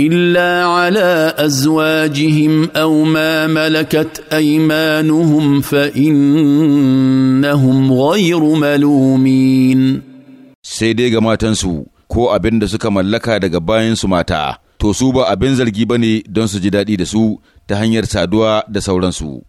الا على ازواجهم او ما ملكت ايمانهم فانهم غير ملومين sai dai ga matansu ko abin da suka mallaka daga bayansu mata to su ba abin zargi ba ne don su ji daɗi da su ta hanyar saduwa da sauransu